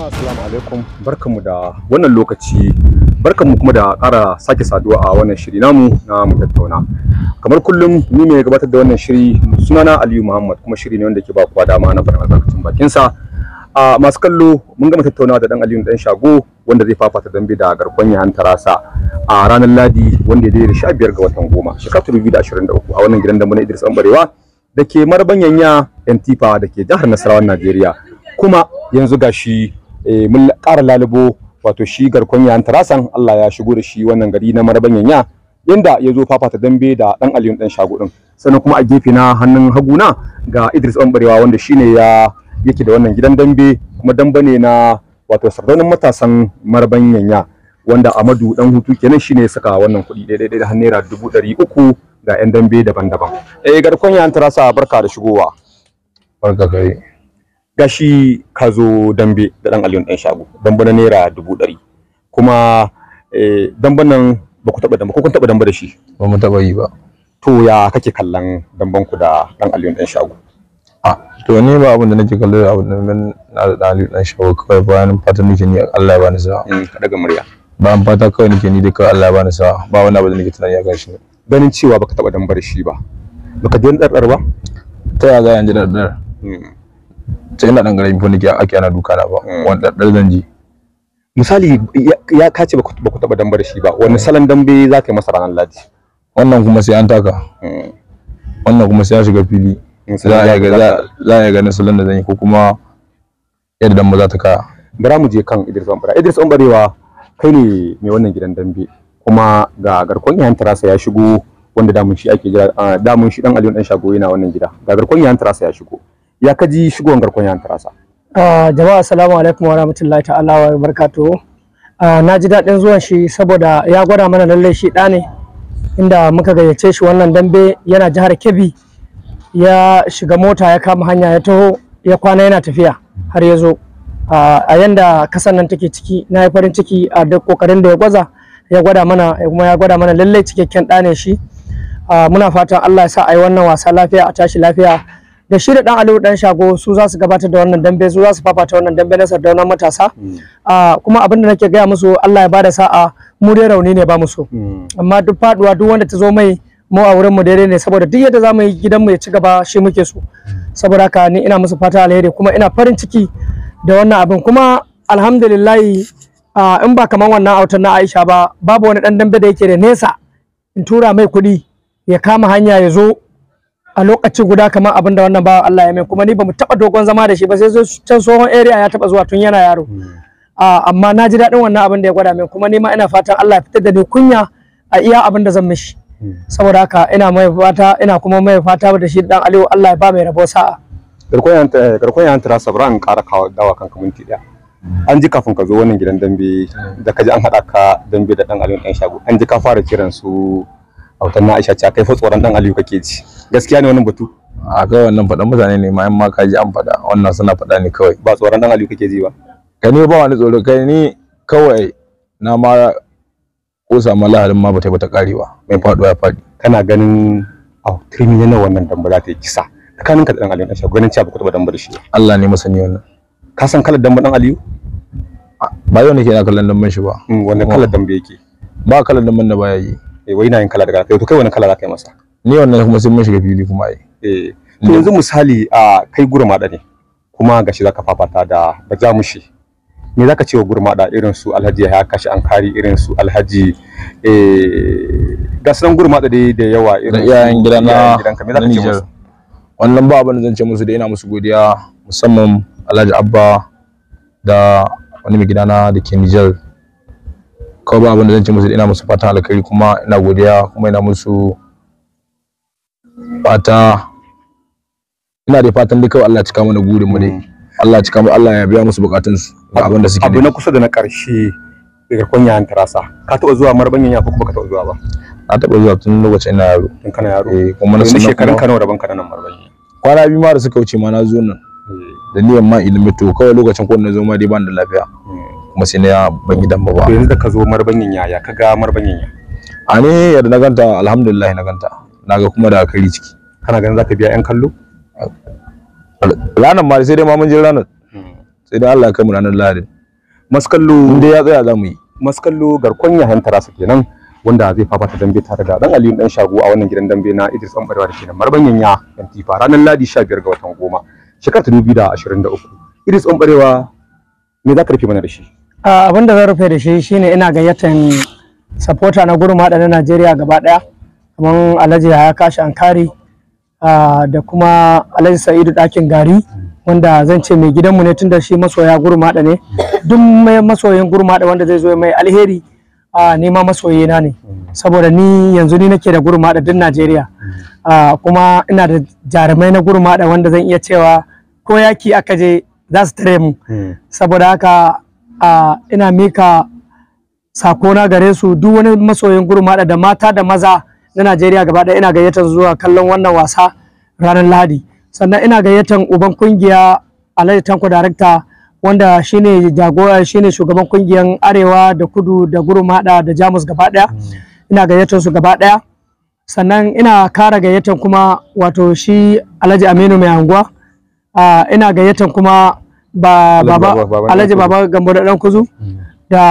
jama'a assalamu alaikum barkamu da wannan lokaci barkamu kuma da ƙara sake saduwa a wannan shiri namu na mu tattauna kamar kullum ni mai gabatar da wannan shiri sunana Aliyu Muhammad kuma shiri ne wanda ke ba kowa dama na faɗin bakin sa a masu kallo mun gama tattaunawa da dan Aliyu dan Shago wanda zai fafata dambe da garkon Yahan Tarasa a ranar Ladi wanda ya daidai da 15 ga watan goma shekara 2023 a wannan gidan dambe na Idris Ambarewa da ke marban yanya da ke jihar Nasarawa Najeriya kuma yanzu gashi Eh, mun ƙara lalubo wato shi garkon yayan tarasan Allah ya shigo da shi wannan gari na maraban yanya inda ya zo fafata dambe da dan aliyun dan shago din sannan kuma a gefe na hannun haguna ga Idris banbarewa wanda shine ya yake da wannan gidan dambe kuma damba ne na wato sardaunin matasan marabanyanya wanda Amadu dan hutu kenan shine ya saka wannan kuɗi daidai da har naira dubu ɗari uku ga 'yan dambe daban-daban. Eh garkon yayan tarasa barka da shigowa. Barka kai. gashi ka zo dambe da dan aliyun dan shago dambe na naira dubu ɗari kuma eh, damban nan ba ku taɓa dambe ko kun taɓa dambe da shi ba mu taɓa yi ba to ya kake kallon damben ku da dan aliyun dan shago a ah, to ni ba abin da nake kallo da abin da na da dan aliyun dan shago kawai bayan fata nake ni Allah ya bani sa'a mm, ka daga murya bayan fata kawai nake ni da kawai Allah ya bani sa'a ba wani abu da nake tunani ya gashi ganin cewa baka taɓa dambe da shi ba baka ji wani ɗarɗar ba ta yaya za a ɗarɗar mm. sai ina dan garami wanda ake ana duka na ba hmm. wanda daddar zan ji misali ya kace ba ku taba dambe shi ba wani salon dambe za ka yi masa ranar ladi wannan kuma sai an taka hmm. wannan kuma sai ya shiga fili za a yi ganin salon da zan yi ko kuma yadda dambe za ta kaya bara mu je kan Idris Ombara Idris Ombarewa kai ne mai wannan gidan dambe kuma ga garkon 'Yan tarasa ya shigo wanda damun shi ake jira ah, damun shi dan Aliyu dan Shago yana wannan gida ga garkon 'Yan tarasa ya shigo ya kaji shigowar garkon yan tarasa ah, jama'a assalamu alaikum wa rahmatullahi ta'ala wa barakatuhu ah, na ji daɗin zuwan shi saboda ya gwada mana lallai shi ɗa ne inda muka gayyace shi wannan dambe yana jihar kebbi ya shiga mota ya kama hanya ya taho ya kwana yana tafiya har ya zo ah, a yanda kasan nan take ciki na yi farin ciki a duk kokarin da ya gwaza ya gwada mana kuma ya gwada mana lallai cikakken ɗa ne shi muna fatan allah ya sa a yi wannan wasa lafiya a tashi lafiya da shi da dan aliyu dan shago su za su gabatar da wannan dambe su za su fafata wannan dambe na sardaunan matasa mm. ah, kuma da nake gaya musu Allah ya bada sa'a mu dai rauni ne ba mu mm. amma duk faduwa duk wanda ta zo mai mu a wurin mu daidai ne saboda duk yadda zamu yi gidan mu ya ci gaba shi muke so saboda haka ni ina musu fata alheri kuma ina farin ciki da wannan abin kuma alhamdulillah ah, in ba kamar wannan autan na Aisha ba babu wani dan dambe da yake da nesa in tura mai kuɗi ya kama hanya ya zo a lokaci guda kamar abin da wannan bawan Allah ya mai kuma ni bamu taba dogon zama da shi ba sai zo can tsohon area ya taba zuwa tun yana yaro hmm. amma na ji daɗin wannan abin da ya gwada min kuma ni ma ina fatan Allah ya fitar da ni kunya a iya abin da zan mishi hmm. saboda haka ina mai fata ina kuma mai fata da shi dan Aliyu Allah ya ba mai rabo sa'a garkon yan tara eh, sabran ƙara kawo dawa kanka minti daya an ji kafin ka zo wannan gidan dambe da ka ji an haɗa ka dambe da dan Aliyu dan shago an ji ka fara kiran su autan na Aisha ce kai fa tsoron dan Aliyu kake ji gaskiya ne wannan batu a ga wannan faɗan mutane ne ma in ma ka ji an faɗa wannan suna faɗa ne kawai ba tsoron dan Aliyu kake ji ba ka ba wani tsoro kai ni kawai na ma kusa ma lahalin ma bata bata kare ba mai faɗo ya faɗi kana ganin a turmi na wannan damba za ta yi kisa kanin ka dan Aliyu Aisha ganin cewa ba ku taba damba da shi Allah ne masani wannan ka san kalar damba dan Aliyu ba yau nake na kallon damban shi ba mm, wannan kalar dambe yake ba kalar damban da baya yi eh wai ina yin kala da kala to kai wani kala za ka yi masa ni wannan kuma sai mun shiga fili kuma ai eh to yanzu misali a kai gurmada ne kuma gashi zaka fafata da da jamushi me zaka ce wa gurmada irin su Alhaji ya kashi an kari irin su Alhaji eh ga gurmada dai da yawa irin iyayen gidan na me zaka ce musu wannan ba abin zan ce musu da ina musu godiya musamman Alhaji Abba da wani mai gidana da ke Nijar kawai ba abin da zan ce musu ina musu fatan alkhairi kuma ina godiya kuma ina musu fata ina da fatan duka kawai Allah cika mana gurin mu ne Allah cika mu Allah ya biya musu bukatun su ga abin da suke abu na kusa da na karshe daga kunya an tarasa ka taba zuwa marbanyan yafi kuma ka taba zuwa ba na taba zuwa tun lokacin ina yaro tun kana yaro eh kuma na sanin shekarun kana da banka nan marbanyan kwana biyu ma da suka wuce ma na zo nan eh. da niyan ma ilimi to kawai lokacin ko na zo ma dai ban da lafiya kuma sai na ban gidan ba ba yanzu da ka zo marbanyin yaya ka ga marbanyin ya a ne yadda na ganta alhamdulillah na ganta na ga kuma da kari ciki kana ganin zaka biya yan kallo ranar ma sai dai ma mun je ranar hmm. sai dai Allah ya kai mu ranar lahadin maskallo in dai ya tsaya za mu yi maskallo garkon ya hanta su kenan wanda zai fafata dambe tare da dan Aliyu dan Shago a wannan gidan dambe na Idris Ambarewa da kenan marbanyin ya yan tifa ranar ladi 15 ga watan goma shekara 2023 Idris Ambarewa me za ka rufe mana da shi abin da zan rufe da shi shine ina gayyatan supporter na gurin na Najeriya gaba ɗaya kamar Alhaji Yahaya Kashi Ankari da kuma Alhaji Sa'idu dakin Gari wanda zan ce mai gidanmu ne tunda shi masoya gurin ne duk mai masoyin gurin wanda zai zo mai alheri ne ma na ne saboda ni yanzu ni nake da gurin haɗa duk Najeriya kuma ina da jarumai na gurin wanda zan iya cewa ko yaki aka je za su tare mu saboda haka ina mika sakona gare su duk wani masoyin gurmada da mata da maza na Najeriya gaba ɗaya ina gayyatar zuwa kallon wannan wasa ranar Lahadi sannan ina gayyatar uban kungiya Alhaji Tanko Darakta wanda shine jagora shine shugaban kungiyar Arewa da Kudu da Gurmada da Jamus gaba ɗaya ina gayyatar su gaba ɗaya sannan ina kara gayyatar kuma wato shi Alhaji Aminu mai anguwa Ah, ina gayyatan kuma ba baba alhaji baba gambo hmm. da dan kuzu da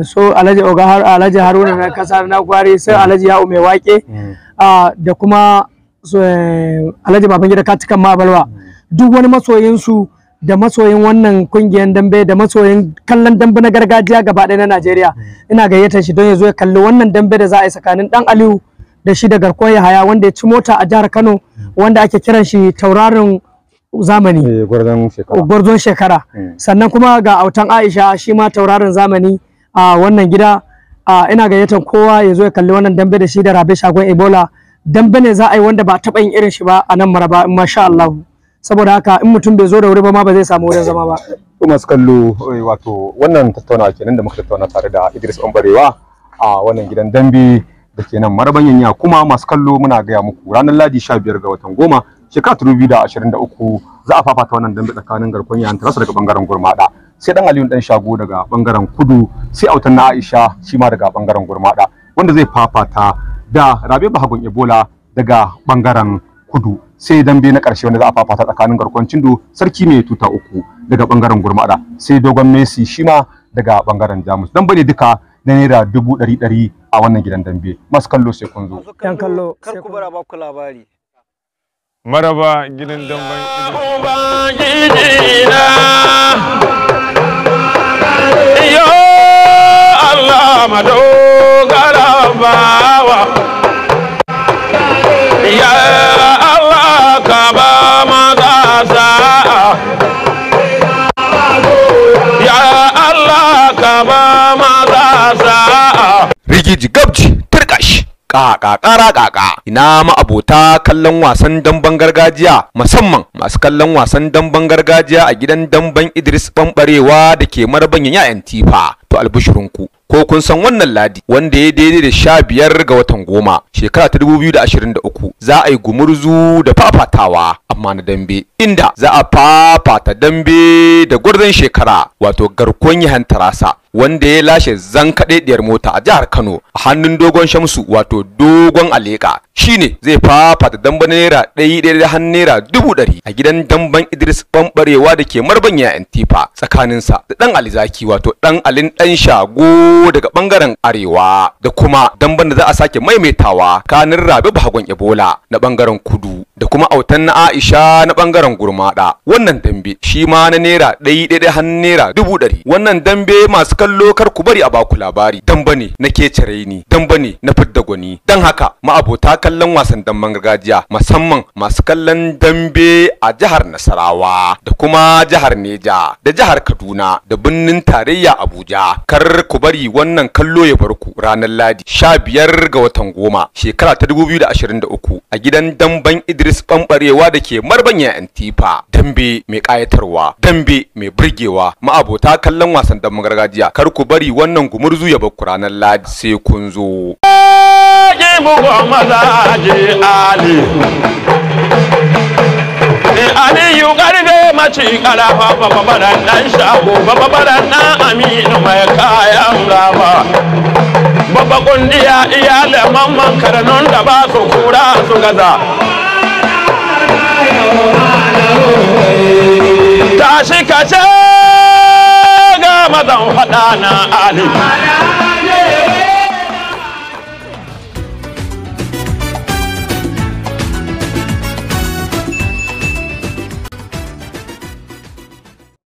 so alhaji oga har alhaji haruna na kasa na gwari sai hmm. alhaji ya ume wake hmm. ah, da kuma eh, alhaji baban gida katikan mabalwa duk wani masoyin su da masoyin wannan kungiyar dambe da masoyin kallon dambe na gargajiya gaba ɗaya na Najeriya ina gayyatar shi don ya zo ya kalli wannan dambe da za a yi tsakanin dan Aliyu da shi da garkon Yahaya wanda ya ci mota a jihar Kano wanda ake kiran shi taurarin. zamani eh, gwarzon shekara hmm. sannan kuma ga autan aisha shi ma tauraron zamani a wannan gida ina gayyatar kowa ya zo ya kalli wannan dambe da shi da rabe shagon ebola dambe ne za a yi wanda ba taɓa yin irin shi ba a nan maraba masha Allah saboda haka in mutum bai zo da wuri ba ma ba zai samu wurin zama ba masu kallo eh, wato wannan tattaunawa kenan da muka tattauna tare da Idris Ombarewa a wannan gidan dambe da ke nan maraban yanya kuma masu kallo muna gaya muku ranar ladi 15 ga watan goma shekara uku, za a fafata wannan dambe tsakanin garkon yayan tarasa daga bangaren gurmada sai dan Aliyu dan shago daga bangaren kudu sai autan na Aisha shi ma daga bangaren gurmada wanda zai fafata da Rabe Bahagon Ebola daga bangaren kudu sai dambe na karshe wanda za a fafata tsakanin garkon Cindo sarki mai tuta uku daga bangaren gurmada sai dogon Messi shi ma daga bangaren Jamus dan bane duka na naira dubu ɗari ɗari a wannan gidan dambe masu kallo sai kun zo. kallo. ku bara labari. maraba gidan damban ubangijina yo Allah madogara ya Allah ka ba kakakara kaka ina ma'abota kallon wasan damben gargajiya musamman masu kallon wasan damben gargajiya a gidan damben Idris Bambarewa da ke marbanyan yayantifa tifa to albishirinku ko kun san wannan ladi wanda ya daidai da sha biyar ga watan goma shekara ta dubu biyu da ashirin da uku za a yi gumurzu da fafatawa amma na dambe inda za a fafata dambe da gwarzon shekara wato garkon yahan tarasa wanda ya lashe zankaɗeɗiyar mota a jihar Kano a hannun dogon Shamsu wato dogon Aleka shine zai fafata damban naira ɗaya ɗaya da har naira dubu ɗari a gidan damban Idris Bambarewa da ke marbanya Antifa tsakaninsa da ɗan Alizaki wato ɗan Alin ɗan Shago daga ɓangaren Arewa da kuma damban da za a sake maimaitawa kanin Rabi Bahagon Ebola na ɓangaren Kudu da kuma autan na Aisha na bangaren gurmada wannan dambe shi ma na naira ɗai ɗai har naira dubu ɗari wannan dambe masu kallo kar ku bari a baku labari damba ne na kece raini damba ne na fidda gwani dan haka ma'abota kallon wasan damban gargajiya musamman masu kallon dambe a jihar Nasarawa da kuma jihar Neja da jihar Kaduna da birnin tarayya Abuja kar ku bari wannan kallo ya barku ranar Ladi 15 ga watan goma shekara ta 2023 a gidan damban Idris risɓanɓarewa da ke marbanya antifa dambe mai kayatarwa dambe mai burgewa ma'abota kallon wasan dan gargajiya kar ku bari wannan gumurzu ya bakku ranar ladi sai kun zo aliyu garbe mace kala fa babaran nan shago aminu mai kayan gaba iyalan mamman karanon da ba su kura su gaza tashi ka ce ga mazan faɗa na ali